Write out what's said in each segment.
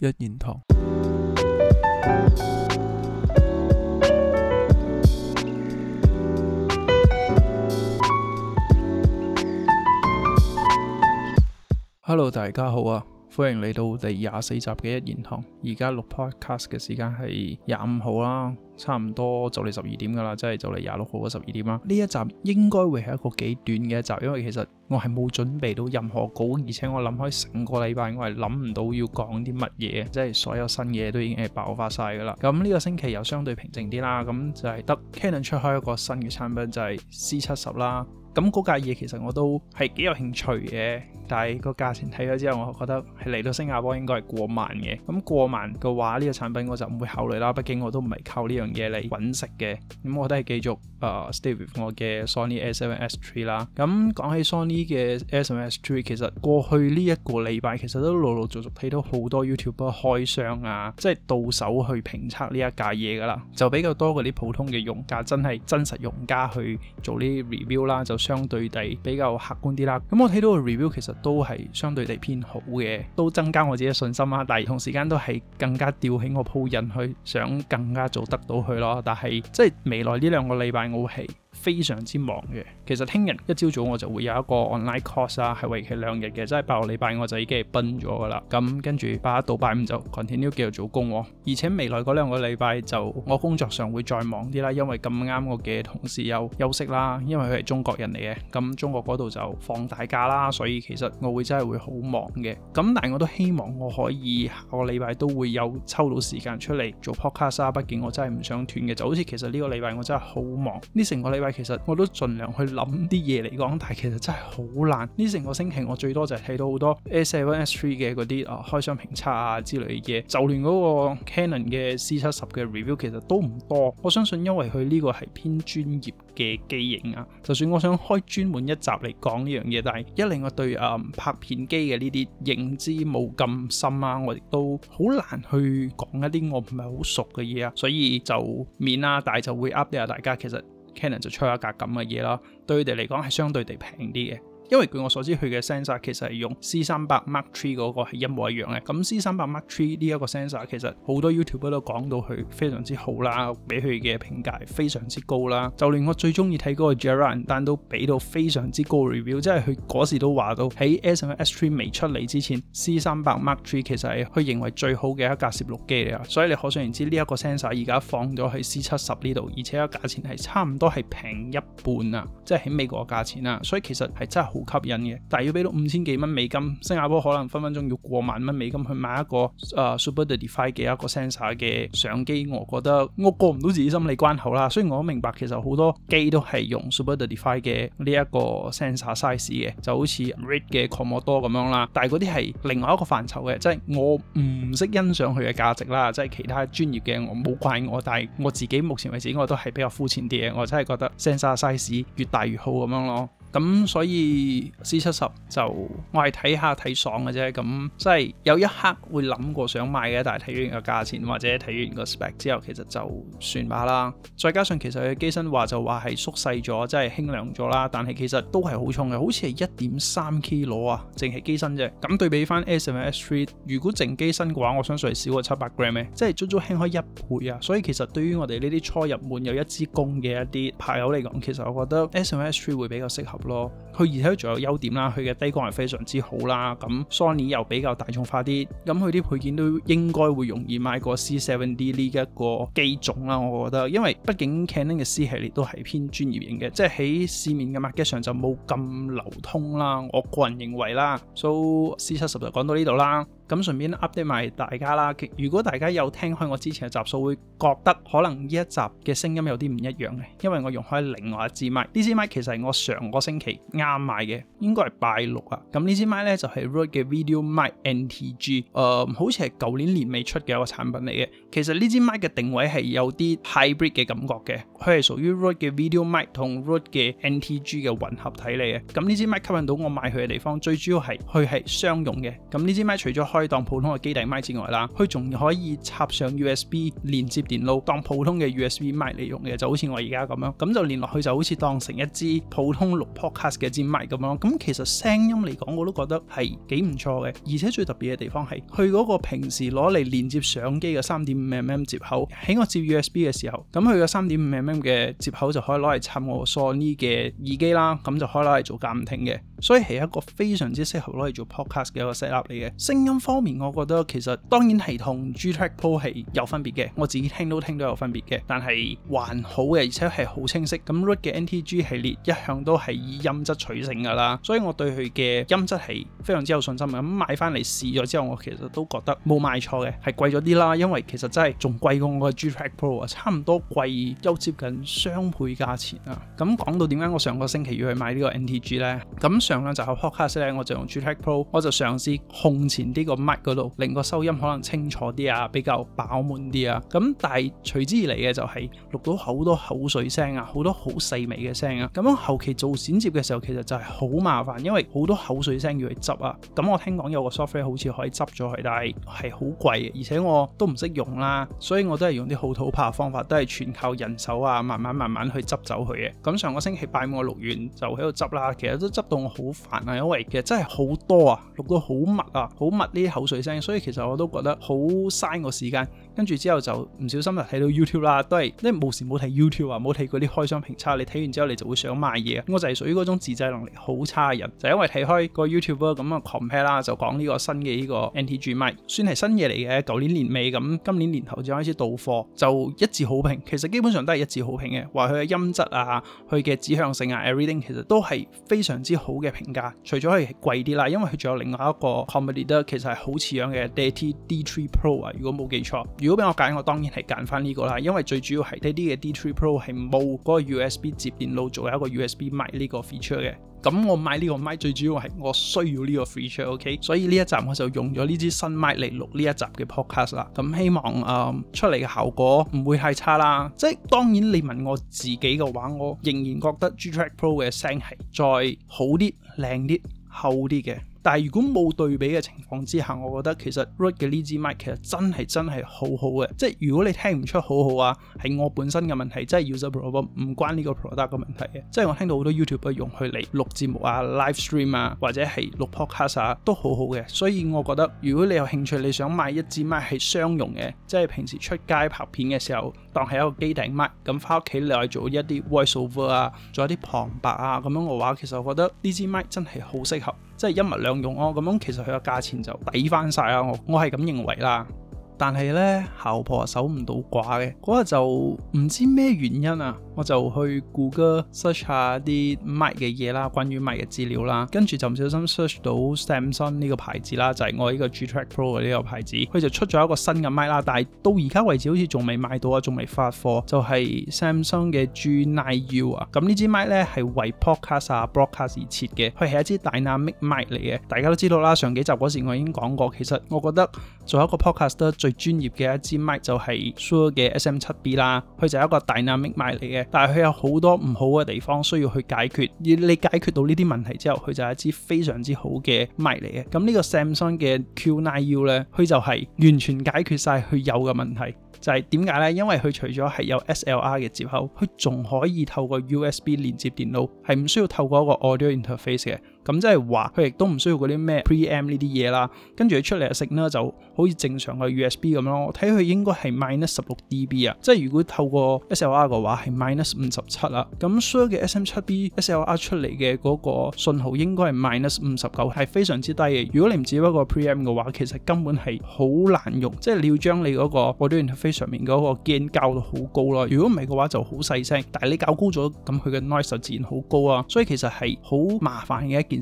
一言堂。Hello，大家好啊，歡迎嚟到第二十四集嘅一言堂。而家錄 podcast 嘅時間係廿五號啦，差唔多就嚟十二點㗎啦，即係就嚟廿六號嘅十二點啦。呢一集應該會係一個幾短嘅集，因為其實。我係冇準備到任何稿，而且我諗開成個禮拜，我係諗唔到要講啲乜嘢，即係所有新嘢都已經係爆發晒㗎啦。咁呢個星期又相對平靜啲啦，咁就係得 Canon 出開一個新嘅產品就係 C 七十啦。咁嗰架嘢其實我都係幾有興趣嘅，但係個價錢睇咗之後，我覺得係嚟到新加坡應該係過萬嘅。咁過萬嘅話，呢、這個產品我就唔會考慮啦。畢竟我都唔係靠呢樣嘢嚟揾食嘅。咁我都係繼續誒、uh, stay with 我嘅 Sony A7S III 啦。咁講起 Sony 嘅 A7S III，其實過去呢一個禮拜其實都陸陸續續睇到好多 YouTube 開箱啊，即、就、係、是、到手去評測呢一架嘢噶啦，就比較多嗰啲普通嘅用家，真係真實用家去做呢 review 啦，就。相對地比較客觀啲啦，咁我睇到個 review 其實都係相對地偏好嘅，都增加我自己信心啦、啊。但係同時間都係更加吊起我鋪印去，想更加做得到佢咯。但係即係未來呢兩個禮拜，我會係。非常之忙嘅，其實聽日一朝早我就會有一個 online course 啊，係為期兩日嘅，即係八個禮拜我就已經係奔咗噶啦。咁跟住八一到八五就 continue 繼續做工喎、哦。而且未來嗰兩個禮拜就我工作上會再忙啲啦，因為咁啱我嘅同事又休息啦，因為佢係中國人嚟嘅，咁中國嗰度就放大假啦，所以其實我會真係會好忙嘅。咁但係我都希望我可以下個禮拜都會有抽到時間出嚟做 podcast 啊，畢竟我真係唔想斷嘅。就好似其實呢個禮拜我真係好忙，呢成個禮。其實我都盡量去諗啲嘢嚟講，但係其實真係好難。呢成個星期我最多就係睇到好多 s a n ONE s Three 嘅嗰啲啊開箱評測啊之類嘅嘢，就連嗰個 Canon 嘅 C 七十嘅 review 其實都唔多。我相信因為佢呢個係偏專業嘅機型啊。就算我想開專門一集嚟講呢樣嘢，但係一嚟我對誒、啊、拍片機嘅呢啲認知冇咁深啊，我亦都好難去講一啲我唔係好熟嘅嘢啊。所以就免啊，但係就會 update 下大家。其實。Canon 就出一架咁嘅嘢啦，對佢哋嚟講係相對地平啲嘅。因為據我所知，佢嘅 sensor 其實係用 C 三百 Mark Three 嗰個係一模一樣嘅。咁 C 三百 Mark Three 呢一個 sensor 其實好多 YouTuber 都講到佢非常之好啦，俾佢嘅評價非常之高啦。就連我最中意睇嗰個 Jerrod Dan 都俾到非常之高 review，即係佢嗰時都話到喺 S S Three 未出嚟之前，C 三百 Mark Three 其實係佢認為最好嘅一架攝錄機嚟啊。所以你可想而知呢一個 sensor 而家放咗喺 C 七十呢度，而且價錢係差唔多係平一半啊，即係喺美國嘅價錢啊。所以其實係真係好。好吸引嘅，但係要俾到五千幾蚊美金，新加坡可能分分鐘要過萬蚊美金去買一個誒 Super 35嘅一個 sensor 嘅相機，我覺得我過唔到自己心理關口啦。雖然我明白，其實好多機都係用 Super 35嘅呢一個 sensor size 嘅，就好似 Red 嘅 Komodo 咁樣啦。但係嗰啲係另外一個範疇嘅，即係我唔識欣賞佢嘅價值啦。即係其他專業嘅，我冇怪我，但係我自己目前為止，我都係比較膚淺啲嘅，我真係覺得 sensor size 越大越好咁樣咯。咁所以 C 七十就我係睇下睇爽嘅啫，咁即係有一刻會諗過想買嘅，但係睇完個價錢或者睇完個 spec 之後其實就算罷啦。再加上其實佢機身話就話係縮細咗，即係輕量咗啦。但係其實都係好重嘅，好似係一點三 K 攞啊，淨係機身啫。咁對比翻 S M S Three，如果淨機身嘅話我相信係少過七百 gram 嘅，即係足足輕開一倍啊。所以其實對於我哋呢啲初入門有一支弓嘅一啲牌友嚟講其實我覺得 S M S Three 會比較適合。咯，佢而且仲有優點啦，佢嘅低光係非常之好啦，咁 Sony 又比較大眾化啲，咁佢啲配件都應該會容易買過 C70 呢一個機種啦，我覺得，因為畢竟 Canon 嘅 C 系列都係偏專業型嘅，即係喺市面嘅 market 上就冇咁流通啦，我個人認為啦，So C 七十就講到呢度啦。咁順便 update 埋大家啦。如果大家有聽開我之前嘅集數，會覺得可能呢一集嘅聲音有啲唔一樣嘅，因為我用開另外一支麥。呢支麥其實係我上個星期啱買嘅，應該係拜六啊。咁呢支麥咧就係 Rode 嘅 Video Mic NTG。呃，好似係舊年年尾出嘅一個產品嚟嘅。其實呢支麥嘅定位係有啲 hybrid 嘅感覺嘅，佢係屬於 Rode 嘅 Video Mic 同 Rode 嘅 NTG 嘅混合體嚟嘅。咁呢支麥吸引到我買佢嘅地方，最主要係佢係雙用嘅。咁呢支麥除咗可以當普通嘅機頂麥之外啦，佢仲可以插上 USB 連接電腦，當普通嘅 USB 麥嚟用嘅，就好似我而家咁樣，咁就連落去就好似當成一支普通六 podcast 嘅支麥咁樣。咁其實聲音嚟講，我都覺得係幾唔錯嘅，而且最特別嘅地方係佢嗰個平時攞嚟連接相機嘅三點五 mm 接口，喺我接 USB 嘅時候，咁佢個三點五 mm 嘅接口就可以攞嚟插我 Sony 嘅耳機啦，咁就可以攞嚟做監聽嘅。所以係一個非常之適合攞嚟做 podcast 嘅一個 set up 嚟嘅。聲音方面，我覺得其實當然係同 G Track Pro 係有分別嘅，我自己聽都聽都有分別嘅，但係還好嘅，而且係好清晰。咁 Rode 嘅 NTG 系列一向都係以音質取勝㗎啦，所以我對佢嘅音質係非常之有信心。咁買翻嚟試咗之後，我其實都覺得冇買錯嘅，係貴咗啲啦，因為其實真係仲貴過我個 G Track Pro 啊，差唔多貴都接近雙倍價錢啊。咁講到點解我上個星期要去買呢個 NTG 呢？咁。上咧就係拍下式咧，我就用 Guetech Pro，我就嘗試控前啲個麥嗰度，令個收音可能清楚啲啊，比較飽滿啲啊。咁但係隨之而嚟嘅就係、是、錄到好多口水聲啊，好多好細微嘅聲啊。咁樣後期做剪接嘅時候，其實就係好麻煩，因為好多口水聲要去執啊。咁我聽講有個 software 好似可以執咗佢，但係係好貴，而且我都唔識用啦，所以我都係用啲好土炮嘅方法，都係全靠人手啊，慢慢慢慢去執走佢嘅。咁上個星期拜五我錄完就喺度執啦，其實都執到。好煩啊，因為其實真係好多啊，錄到好密啊，好密呢啲口水聲，所以其實我都覺得好嘥個時間。跟住之後就唔小心就睇到 YouTube 啦，都係即係無時冇睇 YouTube 啊，冇睇嗰啲開箱評測。你睇完之後你就會想買嘢，啊、我就係屬於嗰種自制能力好差嘅人，就是、因為睇開個 YouTube 咁啊 compare 啦，就講呢個新嘅呢個 NTG 咪，算係新嘢嚟嘅。舊年年尾咁，今年年頭先開始到貨，就一致好評。其實基本上都係一致好評嘅，話佢嘅音質啊，佢嘅指向性啊，everything 其實都係非常之好嘅。評價除咗係貴啲啦，因為佢仲有另外一個 Comedy 其實係好似樣嘅 D T D Three Pro 啊，如果冇記錯，如果俾我揀，我當然係揀翻呢個啦，因為最主要係呢啲嘅 D Three Pro 係冇嗰個 U S B 接電路做一個 U S B 麥呢個 feature 嘅。咁我買呢個麥最主要係我需要呢個 feature，OK？Okay？所以呢一集我就用咗呢支新麥嚟錄呢一集嘅 podcast 啦。咁希望誒、呃、出嚟嘅效果唔會太差啦。即係當然你問我自己嘅話，我仍然覺得 G-Track Pro 嘅聲係再好啲、靚啲、厚啲嘅。但係如果冇對比嘅情況之下，我覺得其實 Rode 嘅呢支麥其實真係真係好好嘅。即係如果你聽唔出好好啊，係我本身嘅問題，真係 user problem 唔關呢個 product 嘅問題嘅。即係我聽到好多 YouTube 用佢嚟錄節目啊、live stream 啊或者係錄 podcast 啊都好好嘅。所以我覺得如果你有興趣，你想買一支麥係雙用嘅，即係平時出街拍片嘅時候當係一個機頂麥，咁翻屋企你去做一啲 voiceover 啊，做一啲旁白啊咁樣嘅話，其實我覺得呢支麥真係好適合。即係一物兩用咯，啊，咁樣其實佢個價錢就抵翻晒啦，我我係咁認為啦。但係咧，姣婆守唔到寡嘅嗰日就唔知咩原因啊，我就去谷歌 search 下啲 mic 嘅嘢啦，關於 mic 嘅資料啦，跟住就唔小心 search 到 Samsung 呢個牌子啦，就係、是、我呢個 G Track Pro 嘅呢個牌子，佢就出咗一個新嘅 mic 啦，但係到而家為止好似仲未買到、就是、啊，仲未發貨，就係 Samsung 嘅 G9U 啊，咁呢支 mic 咧係為 podcast 啊 broadcast 而設嘅，佢係一支 dynamic mic mic 嚟嘅。大家都知道啦，上幾集嗰時我已經講過，其實我覺得做一個 podcaster 最最專業嘅一支麥就係 Shure 嘅 S M 七 B 啦，佢就係一個大 dynamic 麥嚟嘅，但係佢有好多唔好嘅地方需要去解決。而你解決到呢啲問題之後，佢就係一支非常之好嘅麥嚟嘅。咁呢個 Samsung 嘅 Q9U 咧，佢就係完全解決晒佢有嘅問題。就係點解咧？因為佢除咗係有 S L R 嘅接口，佢仲可以透過 U S B 連接電腦，係唔需要透過一個 Audio Interface 嘅。咁即係話，佢亦都唔需要嗰啲咩 preamp 呢啲嘢啦。跟住佢出嚟嘅 signal 咧，就好似正常嘅 USB 咁咯。我睇佢應該係 minus 十六 dB 啊。即係如果透過 SLR 嘅話，係 minus 五十七啦。咁所有嘅 SM 七 B SLR 出嚟嘅嗰個信號應該係 minus 五十九，係非常之低嘅。如果你唔只一個 preamp 嘅話，其實根本係好難用。即係你要將你嗰個 audio interface 上面嗰個 gain 校到好高咯。如果唔係嘅話，就好細聲。但係你校高咗，咁佢嘅 noise 就自然好高啊。所以其實係好麻煩嘅一件。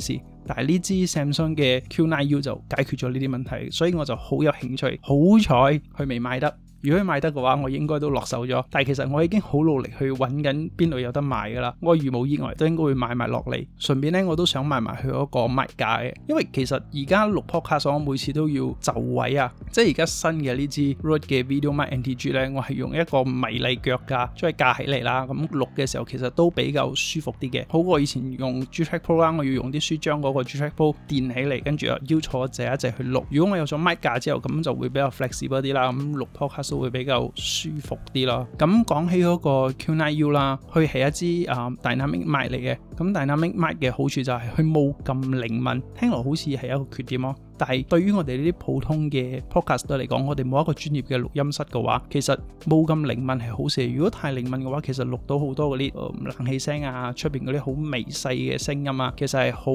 但係呢支 Samsung 嘅 Q9U 就解決咗呢啲問題，所以我就好有興趣。好彩佢未賣得。如果可以買得嘅話，我應該都落手咗。但係其實我已經好努力去揾緊邊度有得買㗎啦。我如冇意外，都應該會買埋落嚟，順便呢我都想買埋佢嗰個麥架嘅。因為其實而家錄 podcast 我每次都要就位啊，即係而家新嘅呢支 Rode 嘅 VideoMic NTG 咧，我係用一個迷你腳架將佢架起嚟啦。咁錄嘅時候其實都比較舒服啲嘅，好過以前用 G Track Pro 啦，我要用啲書將嗰個 G Track Pro 墊起嚟，跟住啊腰坐一隻一隻去錄。如果我有咗麥架之後，咁就會比較 flexible 啲啦。咁錄 podcast。會比較舒服啲咯。咁講起嗰個 Q9U 啦，佢係一支啊、嗯、Dynamic Mic 嚟嘅。咁 Dynamic Mic 嘅好處就係佢冇咁靈敏，聽落好似係一個缺點咯。但係對於我哋呢啲普通嘅 podcast 嚟講，我哋冇一個專業嘅錄音室嘅話，其實冇咁靈敏係好事。如果太靈敏嘅話，其實錄到好多嗰啲冷氣聲啊，出邊嗰啲好微細嘅聲音啊，其實係好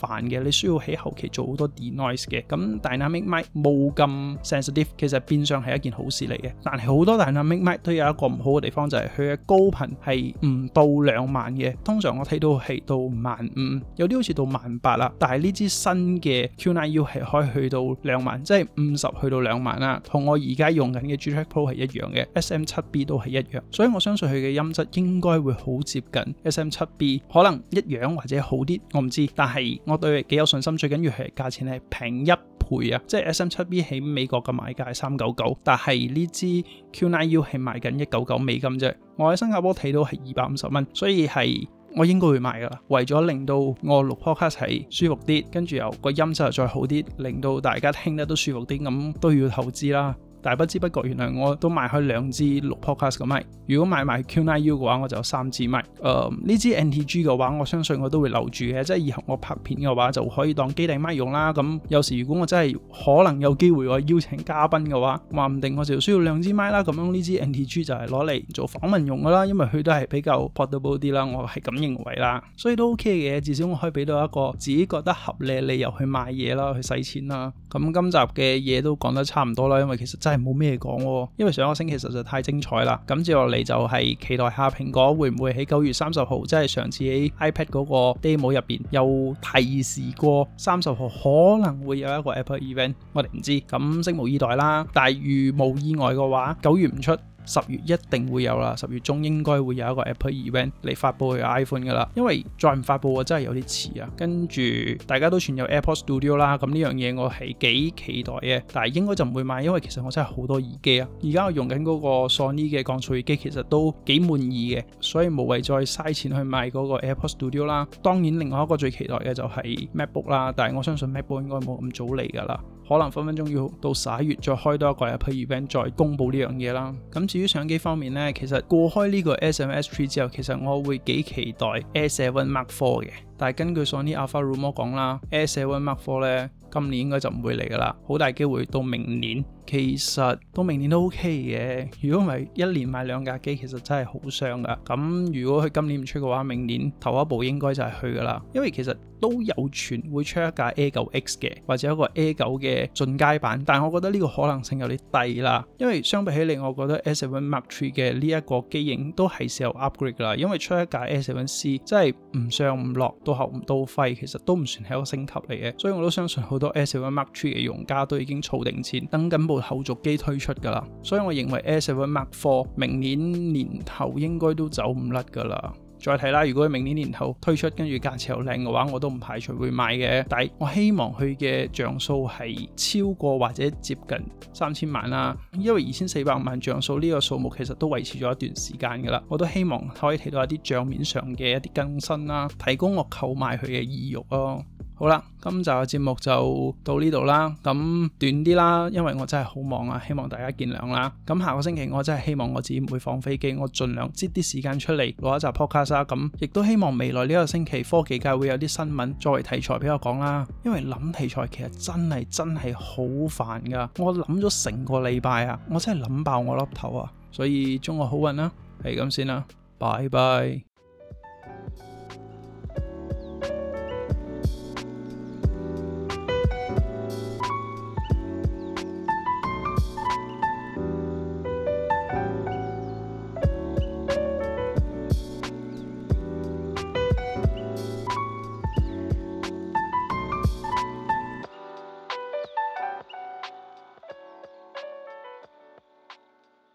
煩嘅。你需要喺後期做好多 denoise 嘅。咁 dynamic mic 冇咁 sensitive，其實變相係一件好事嚟嘅。但係好多 dynamic mic 都有一個唔好嘅地方，就係佢嘅高頻係唔到兩萬嘅。通常我睇到係到萬五，有啲好似到萬八啦。但係呢支新嘅 Q9U 係可以去到兩萬，即係五十去到兩萬啦，同我而家用緊嘅 G-Track Pro 係一樣嘅，SM 七 B 都係一樣，所以我相信佢嘅音質應該會好接近 SM 七 B，可能一樣或者好啲，我唔知，但係我對佢幾有信心，最緊要係價錢係平一倍啊！即係 SM 七 B 喺美國嘅買價係三九九，但係呢支 Q9U 係賣緊一九九美金啫，我喺新加坡睇到係二百五十蚊，所以係。我應該會買㗎啦，為咗令到我錄 podcast 係舒服啲，跟住又個音質再好啲，令到大家聽得都舒服啲，咁都要投資啦。但係不知不覺，原來我都買開兩支六 podcast 嘅麥。如果買埋 Q9U 嘅話，我就有三支麥。誒、呃、呢支 NTG 嘅話，我相信我都會留住嘅，即係以後我拍片嘅話就可以當機頂麥用啦。咁有時如果我真係可能有機會我邀請嘉賓嘅話，話唔定我就需要兩支麥啦。咁樣呢支 NTG 就係攞嚟做訪問用噶啦，因為佢都係比較 portable 啲啦。我係咁認為啦，所以都 OK 嘅。至少我可以俾到一個自己覺得合理理由去買嘢啦，去使錢啦。咁今集嘅嘢都講得差唔多啦，因為其實真但係冇咩講，因為上個星期實在太精彩啦。咁接落嚟就係期待下蘋果會唔會喺九月三十號，即係上次喺 iPad 個 demo 入邊有提示過三十號可能會有一個 Apple event，我哋唔知，咁拭目以待啦。但係如無意外嘅話，九月唔出。十月一定會有啦，十月中應該會有一個 Apple event 嚟發布佢 iPhone 噶啦，因為再唔發布我真係有啲遲啊。跟住大家都傳有 AirPods Studio 啦，咁呢樣嘢我係幾期待嘅，但係應該就唔會買，因為其實我真係好多耳機啊。而家我用緊嗰個 Sony 嘅降噪耳機其實都幾滿意嘅，所以無謂再嘥錢去買嗰個 AirPods Studio 啦。當然，另外一個最期待嘅就係 MacBook 啦，但係我相信 MacBook 應該冇咁早嚟噶啦。可能分分鐘要到十一月再開多一個 Apple event 再公布呢樣嘢啦。咁至於相機方面呢，其實過開呢個 A7S3 之後，其實我會幾期待 A7 Mark Four 嘅。但係根據索尼 Alpha Rumor 講啦，A7 Mark Four 呢，今年應該就唔會嚟噶啦，好大機會到明年。其實到明年都 OK 嘅。如果唔係一年買兩架機，其實真係好傷噶。咁如果佢今年唔出嘅話，明年頭一部應該就係去噶啦。因為其實都有傳會出一架 A 九 X 嘅，或者一個 A 九嘅進階版，但係我覺得呢個可能性有啲低啦，因為相比起嚟，我覺得 S 七 Mark Three 嘅呢一個機型都係時候 upgrade 啦，因為出一架 S 七 C 真係唔上唔落，到喉唔到肺，其實都唔算係一個升級嚟嘅，所以我都相信好多 S 七 Mark Three 嘅用家都已經儲定錢，等緊部後續機推出㗎啦，所以我認為 S 七 Mark Four 明年年年頭應該都走唔甩㗎啦。再睇啦，如果明年年頭推出，跟住價錢又靚嘅話，我都唔排除會買嘅。但係我希望佢嘅像素係超過或者接近三千萬啦，因為二千四百萬像素呢個數目其實都維持咗一段時間㗎啦。我都希望可以睇到一啲帳面上嘅一啲更新啦，提供我購買佢嘅意欲咯、啊。好啦，今集嘅節目就到呢度啦，咁短啲啦，因為我真係好忙啊，希望大家見諒啦。咁下個星期我真係希望我自己唔會放飛機，我盡量擠啲時間出嚟攞一集 Podcast。咁亦都希望未來呢個星期科技界會有啲新聞作為題材俾我講啦。因為諗題材其實真係真係好煩噶，我諗咗成個禮拜啊，我真係諗爆我粒頭啊。所以祝我好運啦、啊，係咁先啦，拜拜。